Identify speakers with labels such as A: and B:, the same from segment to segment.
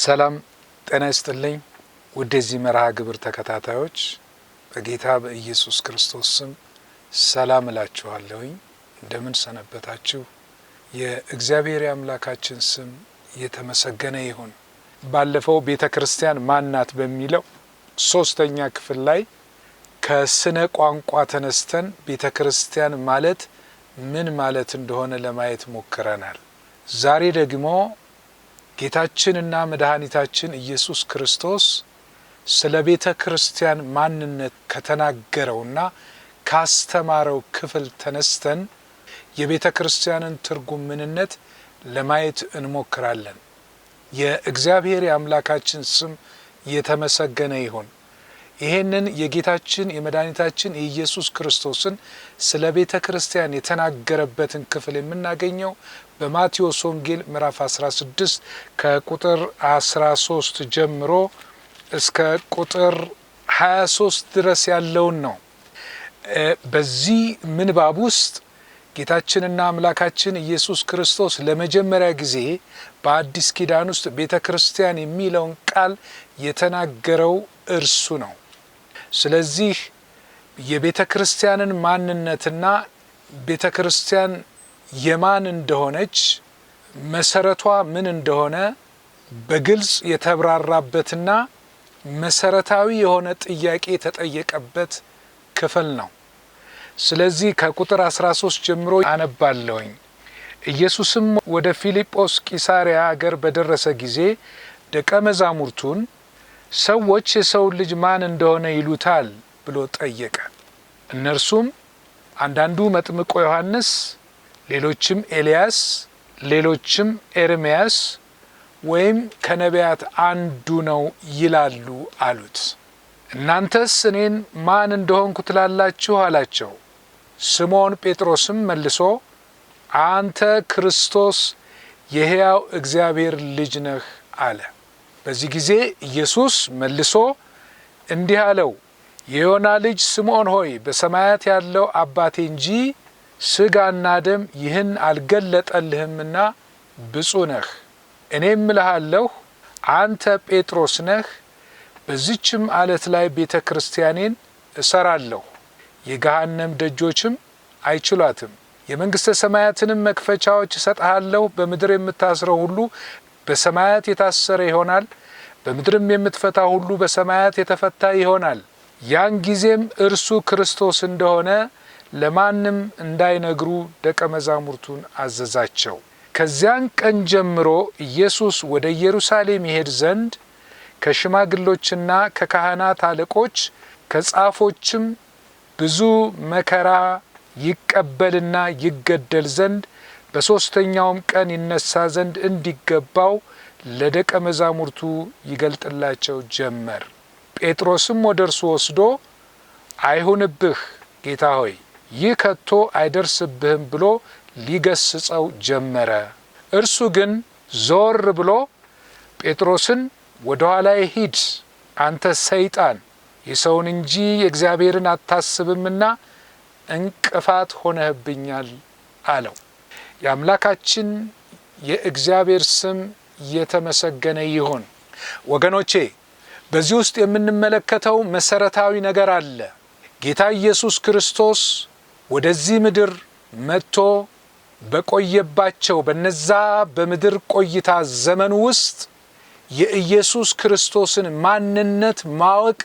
A: ሰላም ጤና ይስጥልኝ። ወደዚህ መርሃ ግብር ተከታታዮች በጌታ በኢየሱስ ክርስቶስ ስም ሰላም እላችኋለሁኝ። እንደምን ሰነበታችሁ? የእግዚአብሔር አምላካችን ስም የተመሰገነ ይሁን። ባለፈው ቤተ ክርስቲያን ማናት በሚለው ሶስተኛ ክፍል ላይ ከስነ ቋንቋ ተነስተን ቤተ ክርስቲያን ማለት ምን ማለት እንደሆነ ለማየት ሞክረናል። ዛሬ ደግሞ ጌታችንና መድኃኒታችን ኢየሱስ ክርስቶስ ስለ ቤተ ክርስቲያን ማንነት ከተናገረውና ካስተማረው ክፍል ተነስተን የቤተ ክርስቲያንን ትርጉም ምንነት ለማየት እንሞክራለን። የእግዚአብሔር የአምላካችን ስም የተመሰገነ ይሁን። ይሄንን የጌታችን የመድኃኒታችን የኢየሱስ ክርስቶስን ስለ ቤተ ክርስቲያን የተናገረበትን ክፍል የምናገኘው በማቴዎስ ወንጌል ምዕራፍ 16 ከቁጥር 13 ጀምሮ እስከ ቁጥር 23 ድረስ ያለውን ነው። በዚህ ምንባብ ውስጥ ጌታችንና አምላካችን ኢየሱስ ክርስቶስ ለመጀመሪያ ጊዜ በአዲስ ኪዳን ውስጥ ቤተ ክርስቲያን የሚለውን ቃል የተናገረው እርሱ ነው። ስለዚህ የቤተ ክርስቲያንን ማንነትና ቤተ ክርስቲያን የማን እንደሆነች መሰረቷ ምን እንደሆነ በግልጽ የተብራራበትና መሰረታዊ የሆነ ጥያቄ የተጠየቀበት ክፍል ነው። ስለዚህ ከቁጥር 13 ጀምሮ አነባለሁኝ። ኢየሱስም ወደ ፊልጶስ ቂሳሪያ አገር በደረሰ ጊዜ ደቀ መዛሙርቱን ሰዎች የሰው ልጅ ማን እንደሆነ ይሉታል ብሎ ጠየቀ። እነርሱም አንዳንዱ መጥምቆ ዮሐንስ፣ ሌሎችም ኤልያስ፣ ሌሎችም ኤርምያስ ወይም ከነቢያት አንዱ ነው ይላሉ አሉት። እናንተስ እኔን ማን እንደሆንኩ ትላላችሁ አላቸው። ስምዖን ጴጥሮስም መልሶ አንተ ክርስቶስ የሕያው እግዚአብሔር ልጅ ነህ አለ። በዚህ ጊዜ ኢየሱስ መልሶ እንዲህ አለው፣ የዮና ልጅ ስምዖን ሆይ በሰማያት ያለው አባቴ እንጂ ስጋና ደም ይህን አልገለጠልህምና ብፁዕ ነህ። እኔም እልሃለሁ አንተ ጴጥሮስ ነህ፣ በዚችም አለት ላይ ቤተ ክርስቲያኔን እሰራለሁ፣ የገሃነም ደጆችም አይችሏትም። የመንግሥተ ሰማያትንም መክፈቻዎች እሰጥሃለሁ፣ በምድር የምታስረው ሁሉ በሰማያት የታሰረ ይሆናል፣ በምድርም የምትፈታ ሁሉ በሰማያት የተፈታ ይሆናል። ያን ጊዜም እርሱ ክርስቶስ እንደሆነ ለማንም እንዳይነግሩ ደቀ መዛሙርቱን አዘዛቸው። ከዚያን ቀን ጀምሮ ኢየሱስ ወደ ኢየሩሳሌም ይሄድ ዘንድ ከሽማግሎችና ከካህናት አለቆች ከጻፎችም ብዙ መከራ ይቀበልና ይገደል ዘንድ በሦስተኛውም ቀን ይነሳ ዘንድ እንዲገባው ለደቀ መዛሙርቱ ይገልጥላቸው ጀመር። ጴጥሮስም ወደ እርሱ ወስዶ አይሁንብህ ጌታ ሆይ ይህ ከቶ አይደርስብህም ብሎ ሊገስጸው ጀመረ። እርሱ ግን ዞር ብሎ ጴጥሮስን ወደ ኋላዬ ሂድ አንተ ሰይጣን፣ የሰውን እንጂ የእግዚአብሔርን አታስብምና እንቅፋት ሆነህብኛል አለው። የአምላካችን የእግዚአብሔር ስም የተመሰገነ ይሁን። ወገኖቼ በዚህ ውስጥ የምንመለከተው መሰረታዊ ነገር አለ። ጌታ ኢየሱስ ክርስቶስ ወደዚህ ምድር መጥቶ በቆየባቸው በነዛ በምድር ቆይታ ዘመን ውስጥ የኢየሱስ ክርስቶስን ማንነት ማወቅ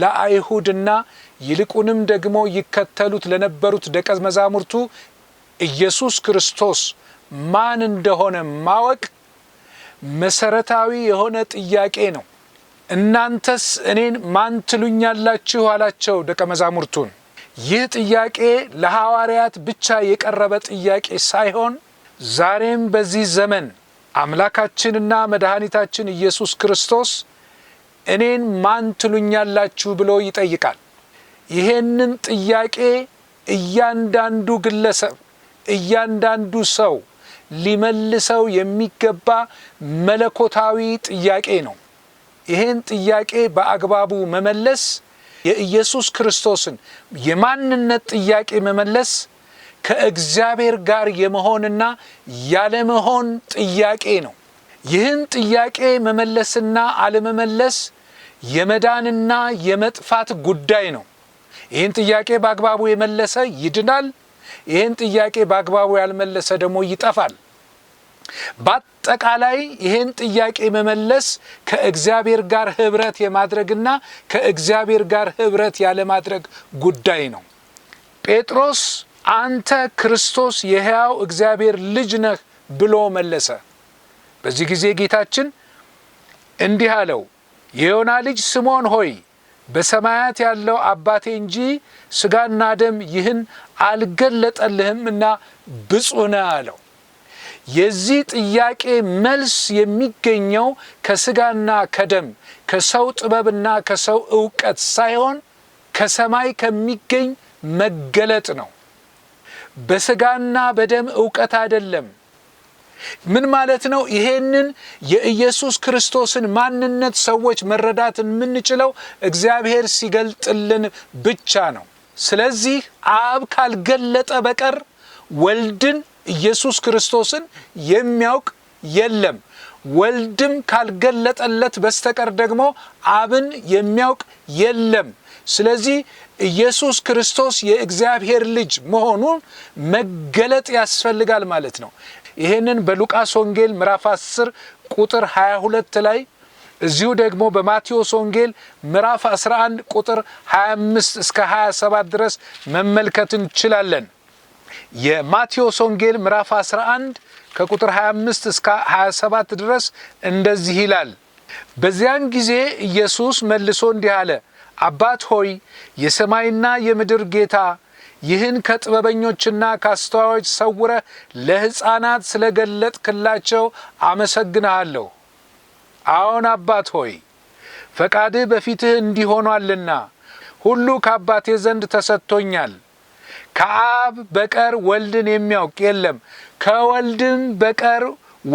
A: ለአይሁድና ይልቁንም ደግሞ ይከተሉት ለነበሩት ደቀ መዛሙርቱ ኢየሱስ ክርስቶስ ማን እንደሆነ ማወቅ መሰረታዊ የሆነ ጥያቄ ነው። እናንተስ እኔን ማን ትሉኛላችሁ? አላቸው ደቀ መዛሙርቱን። ይህ ጥያቄ ለሐዋርያት ብቻ የቀረበ ጥያቄ ሳይሆን ዛሬም በዚህ ዘመን አምላካችንና መድኃኒታችን ኢየሱስ ክርስቶስ እኔን ማን ትሉኛላችሁ ብሎ ይጠይቃል። ይሄንን ጥያቄ እያንዳንዱ ግለሰብ እያንዳንዱ ሰው ሊመልሰው የሚገባ መለኮታዊ ጥያቄ ነው። ይህን ጥያቄ በአግባቡ መመለስ የኢየሱስ ክርስቶስን የማንነት ጥያቄ መመለስ ከእግዚአብሔር ጋር የመሆንና ያለመሆን ጥያቄ ነው። ይህን ጥያቄ መመለስና አለመመለስ የመዳንና የመጥፋት ጉዳይ ነው። ይህን ጥያቄ በአግባቡ የመለሰ ይድናል፣ ይህን ጥያቄ በአግባቡ ያልመለሰ ደግሞ ይጠፋል። በአጠቃላይ ይህን ጥያቄ መመለስ ከእግዚአብሔር ጋር ህብረት የማድረግና ከእግዚአብሔር ጋር ህብረት ያለማድረግ ጉዳይ ነው። ጴጥሮስ አንተ ክርስቶስ የሕያው እግዚአብሔር ልጅ ነህ ብሎ መለሰ። በዚህ ጊዜ ጌታችን እንዲህ አለው፣ የዮና ልጅ ስምዖን ሆይ በሰማያት ያለው አባቴ እንጂ ስጋና ደም ይህን አልገለጠልህም እና ብፁነ አለው። የዚህ ጥያቄ መልስ የሚገኘው ከስጋና ከደም ከሰው ጥበብና ከሰው እውቀት ሳይሆን ከሰማይ ከሚገኝ መገለጥ ነው። በስጋና በደም እውቀት አይደለም። ምን ማለት ነው? ይሄንን የኢየሱስ ክርስቶስን ማንነት ሰዎች መረዳት የምንችለው እግዚአብሔር ሲገልጥልን ብቻ ነው። ስለዚህ አብ ካልገለጠ በቀር ወልድን ኢየሱስ ክርስቶስን የሚያውቅ የለም። ወልድም ካልገለጠለት በስተቀር ደግሞ አብን የሚያውቅ የለም። ስለዚህ ኢየሱስ ክርስቶስ የእግዚአብሔር ልጅ መሆኑን መገለጥ ያስፈልጋል ማለት ነው። ይሄንን በሉቃስ ወንጌል ምዕራፍ 10 ቁጥር 22 ላይ እዚሁ ደግሞ በማቴዎስ ወንጌል ምዕራፍ 11 ቁጥር 25 እስከ 27 ድረስ መመልከት እንችላለን። የማቴዎስ ወንጌል ምዕራፍ 11 ከቁጥር 25 እስከ 27 ድረስ እንደዚህ ይላል። በዚያን ጊዜ ኢየሱስ መልሶ እንዲህ አለ፣ አባት ሆይ የሰማይና የምድር ጌታ ይህን ከጥበበኞችና ከአስተዋዮች ሰውረ ለሕፃናት ስለ ገለጥክላቸው አመሰግንሃለሁ። አዎን አባት ሆይ ፈቃድህ በፊትህ እንዲሆኗልና ሁሉ ከአባቴ ዘንድ ተሰጥቶኛል። ከአብ በቀር ወልድን የሚያውቅ የለም፣ ከወልድም በቀር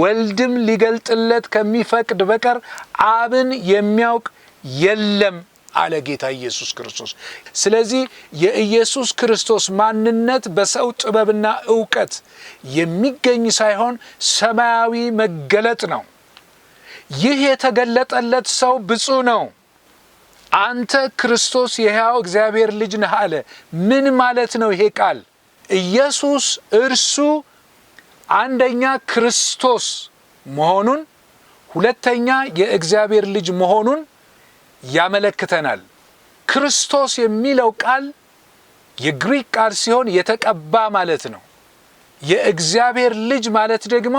A: ወልድም ሊገልጥለት ከሚፈቅድ በቀር አብን የሚያውቅ የለም አለ ጌታ ኢየሱስ ክርስቶስ። ስለዚህ የኢየሱስ ክርስቶስ ማንነት በሰው ጥበብና እውቀት የሚገኝ ሳይሆን ሰማያዊ መገለጥ ነው። ይህ የተገለጠለት ሰው ብፁ ነው። አንተ ክርስቶስ የሕያው እግዚአብሔር ልጅ ነህ አለ። ምን ማለት ነው ይሄ ቃል? ኢየሱስ እርሱ አንደኛ ክርስቶስ መሆኑን፣ ሁለተኛ የእግዚአብሔር ልጅ መሆኑን ያመለክተናል። ክርስቶስ የሚለው ቃል የግሪክ ቃል ሲሆን የተቀባ ማለት ነው። የእግዚአብሔር ልጅ ማለት ደግሞ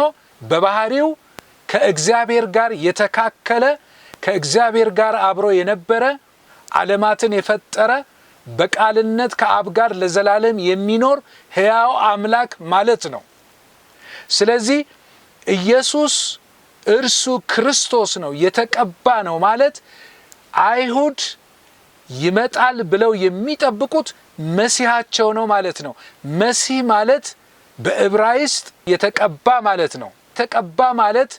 A: በባህሪው ከእግዚአብሔር ጋር የተካከለ ከእግዚአብሔር ጋር አብሮ የነበረ ዓለማትን የፈጠረ በቃልነት ከአብ ጋር ለዘላለም የሚኖር ሕያው አምላክ ማለት ነው። ስለዚህ ኢየሱስ እርሱ ክርስቶስ ነው፣ የተቀባ ነው ማለት አይሁድ ይመጣል ብለው የሚጠብቁት መሲሃቸው ነው ማለት ነው። መሲህ ማለት በዕብራይስጥ የተቀባ ማለት ነው። የተቀባ ማለት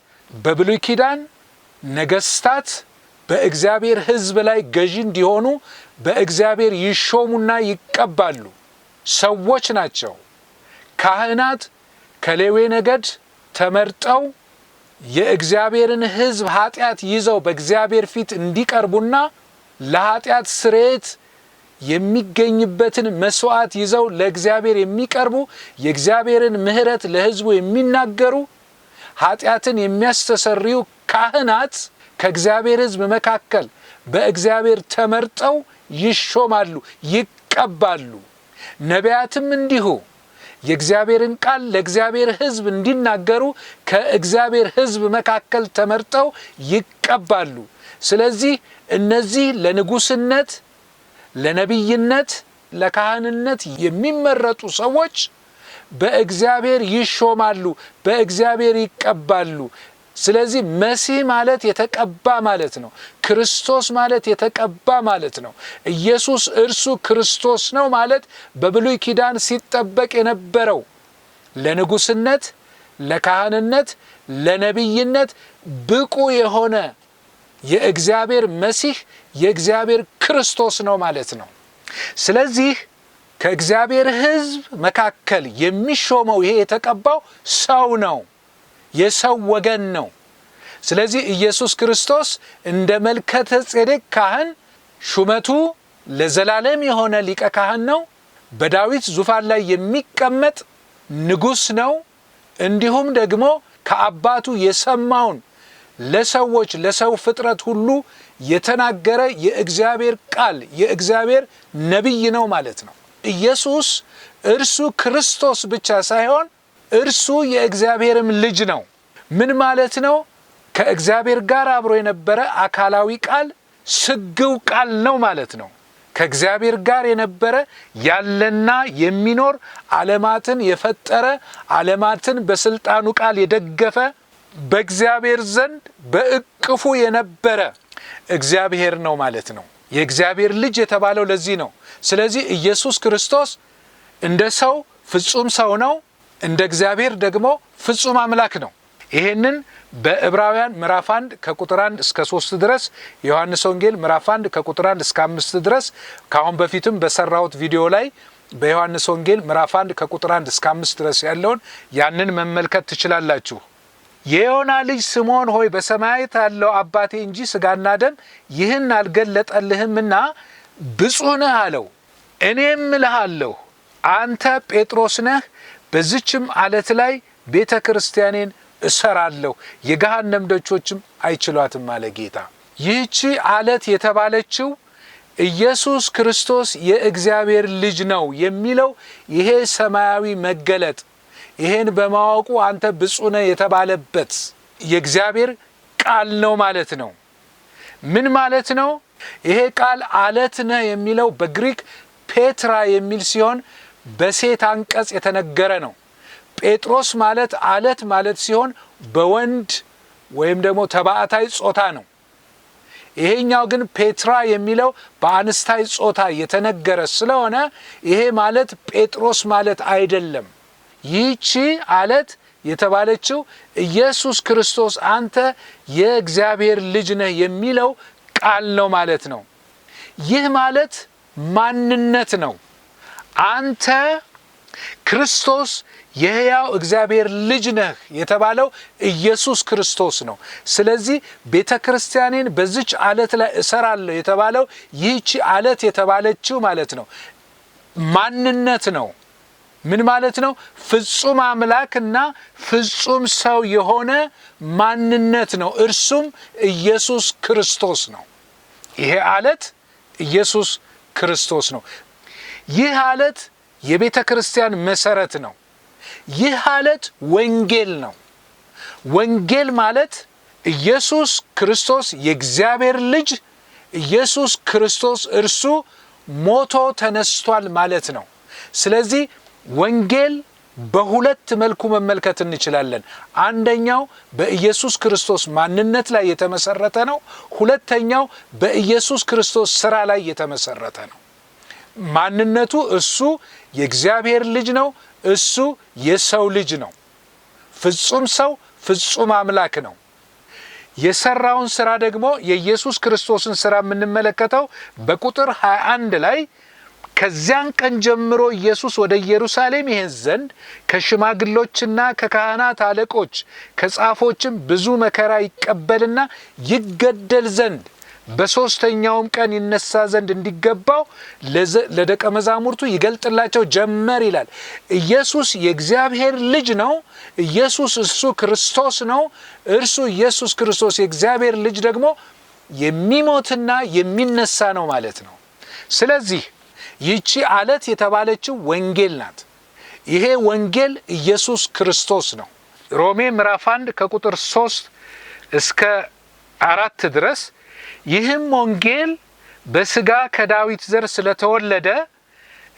A: በብሉይ ኪዳን ነገስታት በእግዚአብሔር ሕዝብ ላይ ገዢ እንዲሆኑ በእግዚአብሔር ይሾሙና ይቀባሉ ሰዎች ናቸው። ካህናት ከሌዌ ነገድ ተመርጠው የእግዚአብሔርን ሕዝብ ኃጢአት ይዘው በእግዚአብሔር ፊት እንዲቀርቡና ለኃጢአት ስርየት የሚገኝበትን መስዋዕት ይዘው ለእግዚአብሔር የሚቀርቡ የእግዚአብሔርን ምሕረት ለሕዝቡ የሚናገሩ ኃጢአትን የሚያስተሰርዩ ካህናት ከእግዚአብሔር ሕዝብ መካከል በእግዚአብሔር ተመርጠው ይሾማሉ፣ ይቀባሉ። ነቢያትም እንዲሁ የእግዚአብሔርን ቃል ለእግዚአብሔር ህዝብ እንዲናገሩ ከእግዚአብሔር ህዝብ መካከል ተመርጠው ይቀባሉ። ስለዚህ እነዚህ ለንጉስነት፣ ለነቢይነት፣ ለካህንነት የሚመረጡ ሰዎች በእግዚአብሔር ይሾማሉ፣ በእግዚአብሔር ይቀባሉ። ስለዚህ መሲህ ማለት የተቀባ ማለት ነው። ክርስቶስ ማለት የተቀባ ማለት ነው። ኢየሱስ እርሱ ክርስቶስ ነው ማለት በብሉይ ኪዳን ሲጠበቅ የነበረው ለንጉስነት፣ ለካህንነት፣ ለነቢይነት ብቁ የሆነ የእግዚአብሔር መሲህ የእግዚአብሔር ክርስቶስ ነው ማለት ነው። ስለዚህ ከእግዚአብሔር ሕዝብ መካከል የሚሾመው ይሄ የተቀባው ሰው ነው። የሰው ወገን ነው። ስለዚህ ኢየሱስ ክርስቶስ እንደ መልከተ ጼዴቅ ካህን ሹመቱ ለዘላለም የሆነ ሊቀ ካህን ነው። በዳዊት ዙፋን ላይ የሚቀመጥ ንጉሥ ነው። እንዲሁም ደግሞ ከአባቱ የሰማውን ለሰዎች ለሰው ፍጥረት ሁሉ የተናገረ የእግዚአብሔር ቃል የእግዚአብሔር ነቢይ ነው ማለት ነው። ኢየሱስ እርሱ ክርስቶስ ብቻ ሳይሆን እርሱ የእግዚአብሔርም ልጅ ነው። ምን ማለት ነው? ከእግዚአብሔር ጋር አብሮ የነበረ አካላዊ ቃል ስግው ቃል ነው ማለት ነው። ከእግዚአብሔር ጋር የነበረ ያለና የሚኖር ዓለማትን የፈጠረ ዓለማትን በስልጣኑ ቃል የደገፈ በእግዚአብሔር ዘንድ በእቅፉ የነበረ እግዚአብሔር ነው ማለት ነው። የእግዚአብሔር ልጅ የተባለው ለዚህ ነው። ስለዚህ ኢየሱስ ክርስቶስ እንደ ሰው ፍጹም ሰው ነው። እንደ እግዚአብሔር ደግሞ ፍጹም አምላክ ነው። ይሄንን በዕብራውያን ምዕራፍ 1 ከቁጥር 1 እስከ 3 ድረስ ዮሐንስ ወንጌል ምዕራፍ 1 ከቁጥር 1 እስከ 5 ድረስ ከአሁን በፊትም በሰራሁት ቪዲዮ ላይ በዮሐንስ ወንጌል ምዕራፍ 1 ከቁጥር 1 እስከ 5 ድረስ ያለውን ያንን መመልከት ትችላላችሁ። የዮና ልጅ ስምዖን ሆይ በሰማያት ያለው አባቴ እንጂ ስጋና ደም ይህን አልገለጠልህምና ብፁህ ነህ አለው። እኔም እልሃለሁ አንተ ጴጥሮስ ነህ በዚችም አለት ላይ ቤተ ክርስቲያኔን እሰራለሁ የገሃነም ደጆችም አይችሏትም አለ ጌታ። ይህቺ አለት የተባለችው ኢየሱስ ክርስቶስ የእግዚአብሔር ልጅ ነው የሚለው ይሄ ሰማያዊ መገለጥ ይሄን በማወቁ አንተ ብፁዕ ነህ የተባለበት የእግዚአብሔር ቃል ነው ማለት ነው። ምን ማለት ነው? ይሄ ቃል አለት ነህ የሚለው በግሪክ ፔትራ የሚል ሲሆን በሴት አንቀጽ የተነገረ ነው። ጴጥሮስ ማለት አለት ማለት ሲሆን በወንድ ወይም ደግሞ ተባዕታይ ጾታ ነው። ይሄኛው ግን ፔትራ የሚለው በአንስታይ ጾታ የተነገረ ስለሆነ ይሄ ማለት ጴጥሮስ ማለት አይደለም። ይህቺ አለት የተባለችው ኢየሱስ ክርስቶስ አንተ የእግዚአብሔር ልጅ ነህ የሚለው ቃል ነው ማለት ነው። ይህ ማለት ማንነት ነው። አንተ ክርስቶስ የሕያው እግዚአብሔር ልጅ ነህ የተባለው ኢየሱስ ክርስቶስ ነው። ስለዚህ ቤተ ክርስቲያኔን በዚች አለት ላይ እሰራለሁ የተባለው ይህቺ አለት የተባለችው ማለት ነው ማንነት ነው። ምን ማለት ነው? ፍጹም አምላክና ፍጹም ሰው የሆነ ማንነት ነው። እርሱም ኢየሱስ ክርስቶስ ነው። ይሄ አለት ኢየሱስ ክርስቶስ ነው። ይህ አለት የቤተ ክርስቲያን መሰረት ነው። ይህ አለት ወንጌል ነው። ወንጌል ማለት ኢየሱስ ክርስቶስ የእግዚአብሔር ልጅ ኢየሱስ ክርስቶስ እርሱ ሞቶ ተነስቷል ማለት ነው። ስለዚህ ወንጌል በሁለት መልኩ መመልከት እንችላለን። አንደኛው በኢየሱስ ክርስቶስ ማንነት ላይ የተመሰረተ ነው። ሁለተኛው በኢየሱስ ክርስቶስ ስራ ላይ የተመሰረተ ነው። ማንነቱ እሱ የእግዚአብሔር ልጅ ነው። እሱ የሰው ልጅ ነው። ፍጹም ሰው፣ ፍጹም አምላክ ነው። የሰራውን ስራ ደግሞ የኢየሱስ ክርስቶስን ስራ የምንመለከተው በቁጥር 21 ላይ ከዚያን ቀን ጀምሮ ኢየሱስ ወደ ኢየሩሳሌም ይሄድ ዘንድ ከሽማግሎችና ከካህናት አለቆች ከጻፎችም ብዙ መከራ ይቀበልና ይገደል ዘንድ በሶስተኛውም ቀን ይነሳ ዘንድ እንዲገባው ለደቀ መዛሙርቱ ይገልጥላቸው ጀመር ይላል። ኢየሱስ የእግዚአብሔር ልጅ ነው። ኢየሱስ እሱ ክርስቶስ ነው። እርሱ ኢየሱስ ክርስቶስ የእግዚአብሔር ልጅ ደግሞ የሚሞትና የሚነሳ ነው ማለት ነው። ስለዚህ ይቺ አለት የተባለችው ወንጌል ናት። ይሄ ወንጌል ኢየሱስ ክርስቶስ ነው። ሮሜ ምዕራፍ 1 ከቁጥር 3 እስከ አራት ድረስ ይህም ወንጌል በስጋ ከዳዊት ዘር ስለተወለደ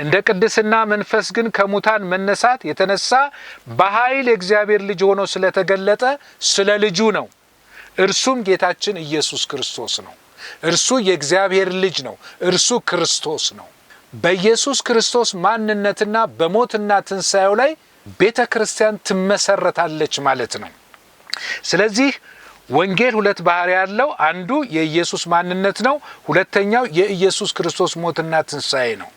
A: እንደ ቅድስና መንፈስ ግን ከሙታን መነሳት የተነሳ በኃይል የእግዚአብሔር ልጅ ሆኖ ስለተገለጠ ስለ ልጁ ነው። እርሱም ጌታችን ኢየሱስ ክርስቶስ ነው። እርሱ የእግዚአብሔር ልጅ ነው። እርሱ ክርስቶስ ነው። በኢየሱስ ክርስቶስ ማንነትና በሞትና ትንሣኤው ላይ ቤተ ክርስቲያን ትመሰረታለች ማለት ነው። ስለዚህ ወንጌል ሁለት ባህሪ ያለው አንዱ የኢየሱስ ማንነት ነው፣ ሁለተኛው የኢየሱስ ክርስቶስ ሞትና ትንሣኤ ነው።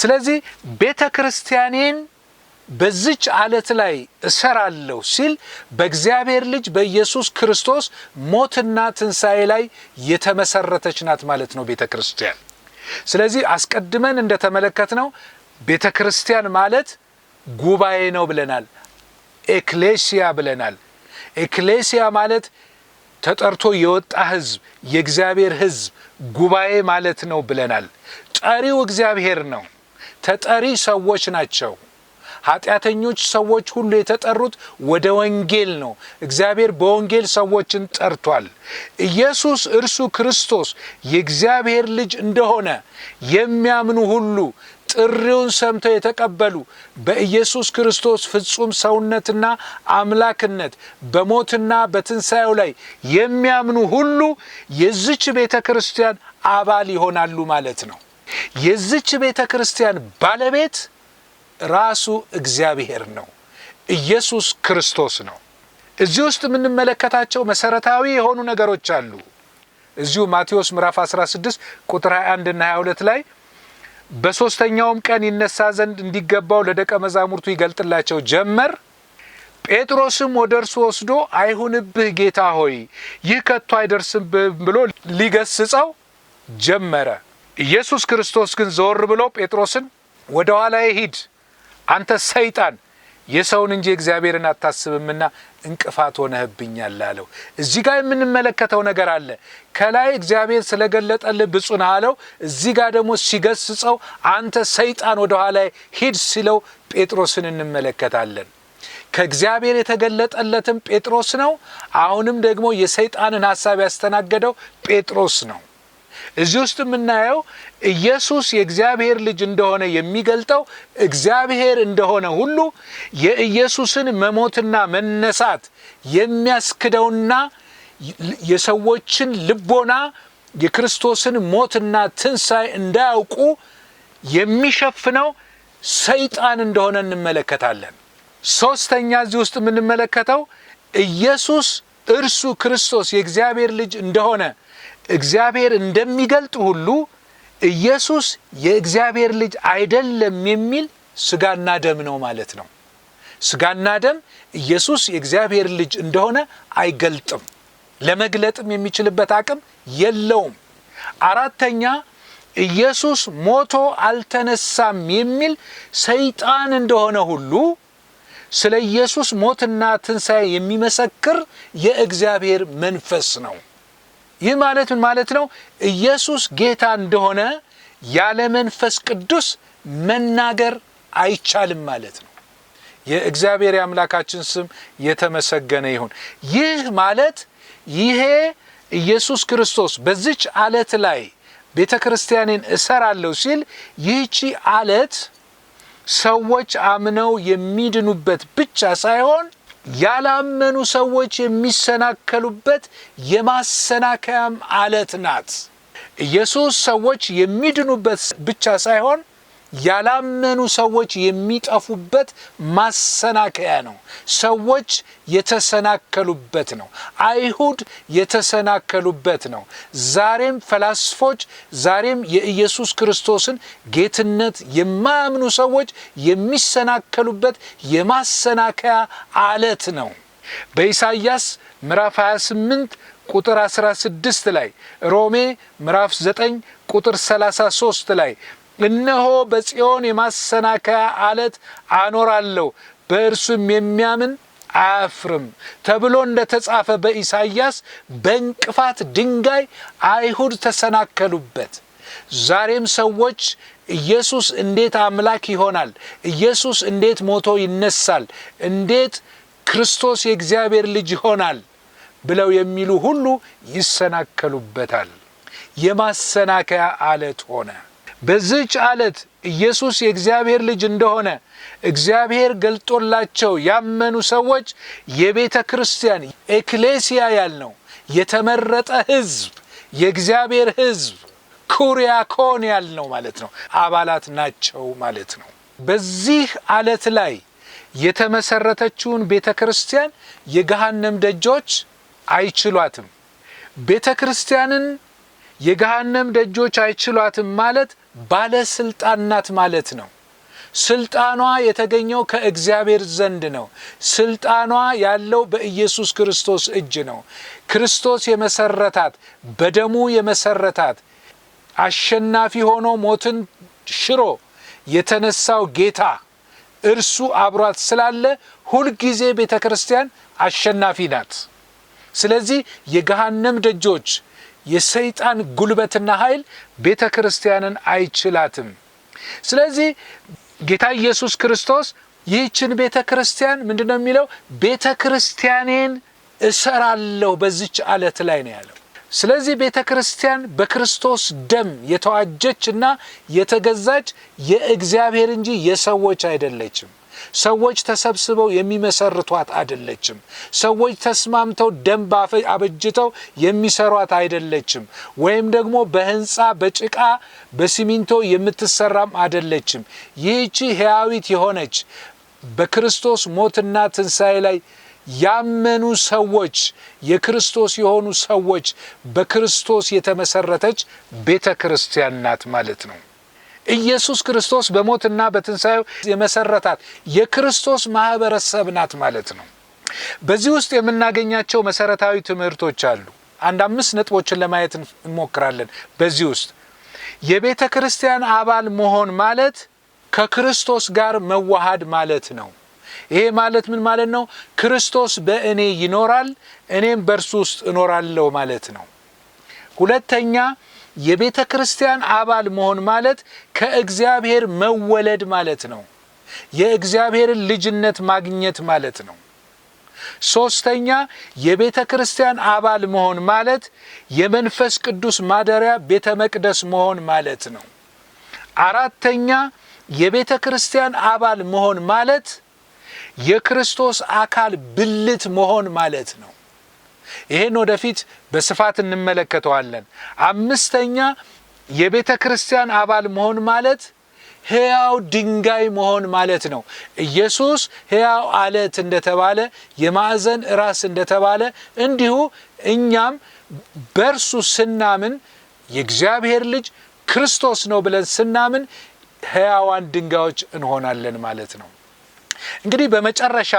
A: ስለዚህ ቤተ ክርስቲያኔን በዚች አለት ላይ እሰራለሁ ሲል በእግዚአብሔር ልጅ በኢየሱስ ክርስቶስ ሞትና ትንሣኤ ላይ የተመሰረተች ናት ማለት ነው ቤተ ክርስቲያን። ስለዚህ አስቀድመን እንደተመለከትነው ቤተ ክርስቲያን ማለት ጉባኤ ነው ብለናል፣ ኤክሌሲያ ብለናል። ኤክሌሲያ ማለት ተጠርቶ የወጣ ህዝብ የእግዚአብሔር ህዝብ ጉባኤ ማለት ነው ብለናል። ጠሪው እግዚአብሔር ነው። ተጠሪ ሰዎች ናቸው። ኃጢአተኞች ሰዎች ሁሉ የተጠሩት ወደ ወንጌል ነው። እግዚአብሔር በወንጌል ሰዎችን ጠርቷል። ኢየሱስ እርሱ ክርስቶስ የእግዚአብሔር ልጅ እንደሆነ የሚያምኑ ሁሉ ጥሪውን ሰምተው የተቀበሉ በኢየሱስ ክርስቶስ ፍጹም ሰውነትና አምላክነት በሞትና በትንሣኤው ላይ የሚያምኑ ሁሉ የዝች ቤተ ክርስቲያን አባል ይሆናሉ ማለት ነው። የዝች ቤተ ክርስቲያን ባለቤት ራሱ እግዚአብሔር ነው፣ ኢየሱስ ክርስቶስ ነው። እዚህ ውስጥ የምንመለከታቸው መሰረታዊ የሆኑ ነገሮች አሉ። እዚሁ ማቴዎስ ምዕራፍ 16 ቁጥር 21 እና 22 ላይ በሦስተኛውም ቀን ይነሳ ዘንድ እንዲገባው ለደቀ መዛሙርቱ ይገልጥላቸው ጀመር። ጴጥሮስም ወደ እርሱ ወስዶ አይሁንብህ ጌታ ሆይ ይህ ከቶ አይደርስብህም ብሎ ሊገስጸው ጀመረ። ኢየሱስ ክርስቶስ ግን ዘወር ብሎ ጴጥሮስን ወደ ኋላ ሂድ አንተ ሰይጣን የሰውን እንጂ እግዚአብሔርን አታስብምና እንቅፋት ሆነህብኛል አለው። እዚህ ጋር የምንመለከተው ነገር አለ። ከላይ እግዚአብሔር ስለገለጠልህ ብፁዕ ነህ አለው። እዚህ ጋር ደግሞ ሲገስጸው አንተ ሰይጣን ወደኋላ ሂድ ሲለው ጴጥሮስን እንመለከታለን። ከእግዚአብሔር የተገለጠለትም ጴጥሮስ ነው። አሁንም ደግሞ የሰይጣንን ሐሳብ ያስተናገደው ጴጥሮስ ነው። እዚህ ውስጥ የምናየው ኢየሱስ የእግዚአብሔር ልጅ እንደሆነ የሚገልጠው እግዚአብሔር እንደሆነ ሁሉ የኢየሱስን መሞትና መነሳት የሚያስክደውና የሰዎችን ልቦና የክርስቶስን ሞትና ትንሣኤ እንዳያውቁ የሚሸፍነው ሰይጣን እንደሆነ እንመለከታለን። ሦስተኛ እዚህ ውስጥ የምንመለከተው ኢየሱስ እርሱ ክርስቶስ የእግዚአብሔር ልጅ እንደሆነ እግዚአብሔር እንደሚገልጥ ሁሉ ኢየሱስ የእግዚአብሔር ልጅ አይደለም የሚል ስጋና ደም ነው ማለት ነው። ስጋና ደም ኢየሱስ የእግዚአብሔር ልጅ እንደሆነ አይገልጥም፣ ለመግለጥም የሚችልበት አቅም የለውም። አራተኛ ኢየሱስ ሞቶ አልተነሳም የሚል ሰይጣን እንደሆነ ሁሉ ስለ ኢየሱስ ሞትና ትንሣኤ የሚመሰክር የእግዚአብሔር መንፈስ ነው። ይህ ማለቱን ማለት ነው ኢየሱስ ጌታ እንደሆነ ያለ መንፈስ ቅዱስ መናገር አይቻልም ማለት ነው። የእግዚአብሔር የአምላካችን ስም የተመሰገነ ይሁን። ይህ ማለት ይሄ ኢየሱስ ክርስቶስ በዚች አለት ላይ ቤተ ክርስቲያኔን እሰራለሁ ሲል ይህቺ አለት ሰዎች አምነው የሚድኑበት ብቻ ሳይሆን ያላመኑ ሰዎች የሚሰናከሉበት የማሰናከያም አለት ናት። ኢየሱስ ሰዎች የሚድኑበት ብቻ ሳይሆን ያላመኑ ሰዎች የሚጠፉበት ማሰናከያ ነው። ሰዎች የተሰናከሉበት ነው። አይሁድ የተሰናከሉበት ነው። ዛሬም ፈላስፎች፣ ዛሬም የኢየሱስ ክርስቶስን ጌትነት የማያምኑ ሰዎች የሚሰናከሉበት የማሰናከያ አለት ነው። በኢሳይያስ ምዕራፍ 28 ቁጥር 16 ላይ ሮሜ ምዕራፍ 9 ቁጥር 33 ላይ እነሆ በጽዮን የማሰናከያ አለት አኖራለሁ በእርሱም የሚያምን አያፍርም ተብሎ እንደተጻፈ በኢሳይያስ በእንቅፋት ድንጋይ አይሁድ ተሰናከሉበት። ዛሬም ሰዎች ኢየሱስ እንዴት አምላክ ይሆናል? ኢየሱስ እንዴት ሞቶ ይነሳል? እንዴት ክርስቶስ የእግዚአብሔር ልጅ ይሆናል? ብለው የሚሉ ሁሉ ይሰናከሉበታል። የማሰናከያ አለት ሆነ። በዚህች ዓለት ኢየሱስ የእግዚአብሔር ልጅ እንደሆነ እግዚአብሔር ገልጦላቸው ያመኑ ሰዎች የቤተ ክርስቲያን ኤክሌሲያ ያልነው የተመረጠ ሕዝብ የእግዚአብሔር ሕዝብ ኩሪያኮን ያልነው ማለት ነው አባላት ናቸው ማለት ነው። በዚህ ዓለት ላይ የተመሰረተችውን ቤተ ክርስቲያን የገሃነም ደጆች አይችሏትም። ቤተ ክርስቲያንን የገሃነም ደጆች አይችሏትም ማለት ባለስልጣን ናት ማለት ነው። ስልጣኗ የተገኘው ከእግዚአብሔር ዘንድ ነው። ስልጣኗ ያለው በኢየሱስ ክርስቶስ እጅ ነው። ክርስቶስ የመሰረታት በደሙ የመሰረታት አሸናፊ ሆኖ ሞትን ሽሮ የተነሳው ጌታ እርሱ አብሯት ስላለ ሁልጊዜ ቤተ ክርስቲያን አሸናፊ ናት። ስለዚህ የገሃነም ደጆች የሰይጣን ጉልበትና ኃይል ቤተ ክርስቲያንን አይችላትም። ስለዚህ ጌታ ኢየሱስ ክርስቶስ ይህችን ቤተ ክርስቲያን ምንድን ነው የሚለው? ቤተ ክርስቲያኔን እሰራለሁ በዚች አለት ላይ ነው ያለው። ስለዚህ ቤተ ክርስቲያን በክርስቶስ ደም የተዋጀች እና የተገዛች የእግዚአብሔር እንጂ የሰዎች አይደለችም። ሰዎች ተሰብስበው የሚመሰርቷት አይደለችም። ሰዎች ተስማምተው ደንብ አበጅተው የሚሰሯት አይደለችም። ወይም ደግሞ በህንፃ በጭቃ በሲሚንቶ የምትሰራም አይደለችም። ይህቺ ህያዊት የሆነች በክርስቶስ ሞትና ትንሣኤ ላይ ያመኑ ሰዎች የክርስቶስ የሆኑ ሰዎች በክርስቶስ የተመሰረተች ቤተ ክርስቲያን ናት ማለት ነው። ኢየሱስ ክርስቶስ በሞትና በትንሣኤው የመሰረታት የክርስቶስ ማህበረሰብ ናት ማለት ነው። በዚህ ውስጥ የምናገኛቸው መሰረታዊ ትምህርቶች አሉ። አንድ አምስት ነጥቦችን ለማየት እንሞክራለን። በዚህ ውስጥ የቤተ ክርስቲያን አባል መሆን ማለት ከክርስቶስ ጋር መዋሃድ ማለት ነው። ይሄ ማለት ምን ማለት ነው? ክርስቶስ በእኔ ይኖራል፣ እኔም በእርሱ ውስጥ እኖራለሁ ማለት ነው። ሁለተኛ የቤተ ክርስቲያን አባል መሆን ማለት ከእግዚአብሔር መወለድ ማለት ነው። የእግዚአብሔርን ልጅነት ማግኘት ማለት ነው። ሶስተኛ የቤተ ክርስቲያን አባል መሆን ማለት የመንፈስ ቅዱስ ማደሪያ ቤተ መቅደስ መሆን ማለት ነው። አራተኛ የቤተ ክርስቲያን አባል መሆን ማለት የክርስቶስ አካል ብልት መሆን ማለት ነው። ይሄን ወደፊት በስፋት እንመለከተዋለን። አምስተኛ የቤተ ክርስቲያን አባል መሆን ማለት ሕያው ድንጋይ መሆን ማለት ነው። ኢየሱስ ሕያው አለት እንደተባለ፣ የማዕዘን ራስ እንደተባለ እንዲሁ እኛም በእርሱ ስናምን የእግዚአብሔር ልጅ ክርስቶስ ነው ብለን ስናምን ሕያዋን ድንጋዮች እንሆናለን ማለት ነው። እንግዲህ በመጨረሻ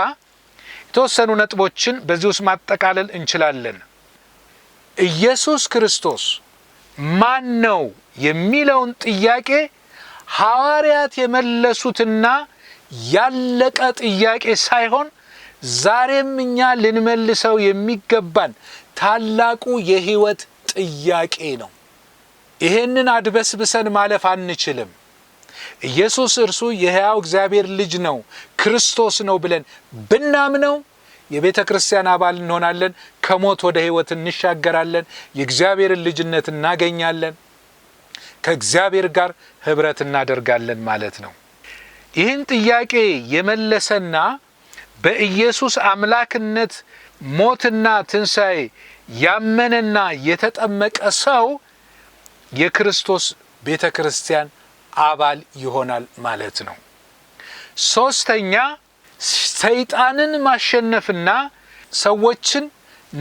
A: የተወሰኑ ነጥቦችን በዚህ ውስጥ ማጠቃለል እንችላለን። ኢየሱስ ክርስቶስ ማን ነው የሚለውን ጥያቄ ሐዋርያት የመለሱትና ያለቀ ጥያቄ ሳይሆን ዛሬም እኛ ልንመልሰው የሚገባን ታላቁ የሕይወት ጥያቄ ነው። ይሄንን አድበስብሰን ማለፍ አንችልም። ኢየሱስ እርሱ የሕያው እግዚአብሔር ልጅ ነው፣ ክርስቶስ ነው ብለን ብናምነው የቤተ ክርስቲያን አባል እንሆናለን። ከሞት ወደ ሕይወት እንሻገራለን። የእግዚአብሔርን ልጅነት እናገኛለን። ከእግዚአብሔር ጋር ኅብረት እናደርጋለን ማለት ነው። ይህን ጥያቄ የመለሰና በኢየሱስ አምላክነት ሞትና ትንሣኤ ያመነና የተጠመቀ ሰው የክርስቶስ ቤተ ክርስቲያን አባል ይሆናል ማለት ነው። ሶስተኛ ሰይጣንን ማሸነፍና ሰዎችን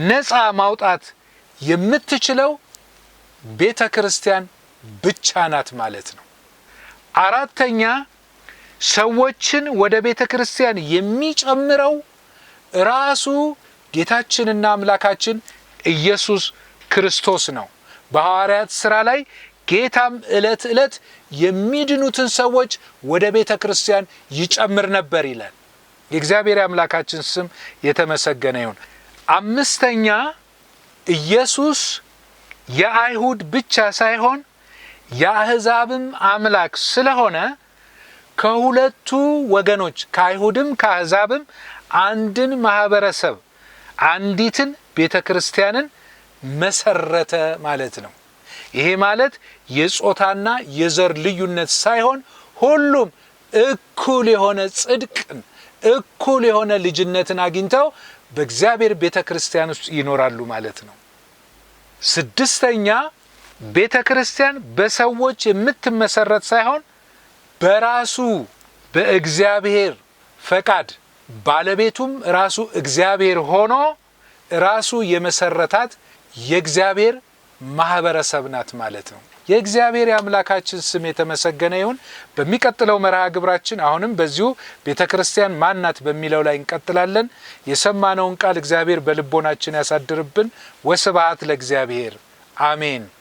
A: ነፃ ማውጣት የምትችለው ቤተ ክርስቲያን ብቻ ናት ማለት ነው። አራተኛ ሰዎችን ወደ ቤተ ክርስቲያን የሚጨምረው ራሱ ጌታችንና አምላካችን ኢየሱስ ክርስቶስ ነው። በሐዋርያት ሥራ ላይ ጌታም ዕለት ዕለት የሚድኑትን ሰዎች ወደ ቤተ ክርስቲያን ይጨምር ነበር ይላል። የእግዚአብሔር አምላካችን ስም የተመሰገነ ይሁን። አምስተኛ ኢየሱስ የአይሁድ ብቻ ሳይሆን የአሕዛብም አምላክ ስለሆነ ከሁለቱ ወገኖች ከአይሁድም ከአሕዛብም አንድን ማኅበረሰብ አንዲትን ቤተ ክርስቲያንን መሰረተ ማለት ነው። ይሄ ማለት የጾታና የዘር ልዩነት ሳይሆን ሁሉም እኩል የሆነ ጽድቅን እኩል የሆነ ልጅነትን አግኝተው በእግዚአብሔር ቤተ ክርስቲያን ውስጥ ይኖራሉ ማለት ነው። ስድስተኛ ቤተ ክርስቲያን በሰዎች የምትመሰረት ሳይሆን በራሱ በእግዚአብሔር ፈቃድ ባለቤቱም ራሱ እግዚአብሔር ሆኖ ራሱ የመሰረታት የእግዚአብሔር ማህበረሰብ ናት ማለት ነው። የእግዚአብሔር የአምላካችን ስም የተመሰገነ ይሁን። በሚቀጥለው መርሃ ግብራችን አሁንም በዚሁ ቤተ ክርስቲያን ማናት በሚለው ላይ እንቀጥላለን። የሰማነውን ቃል እግዚአብሔር በልቦናችን ያሳድርብን። ወስብሐት ለእግዚአብሔር አሜን።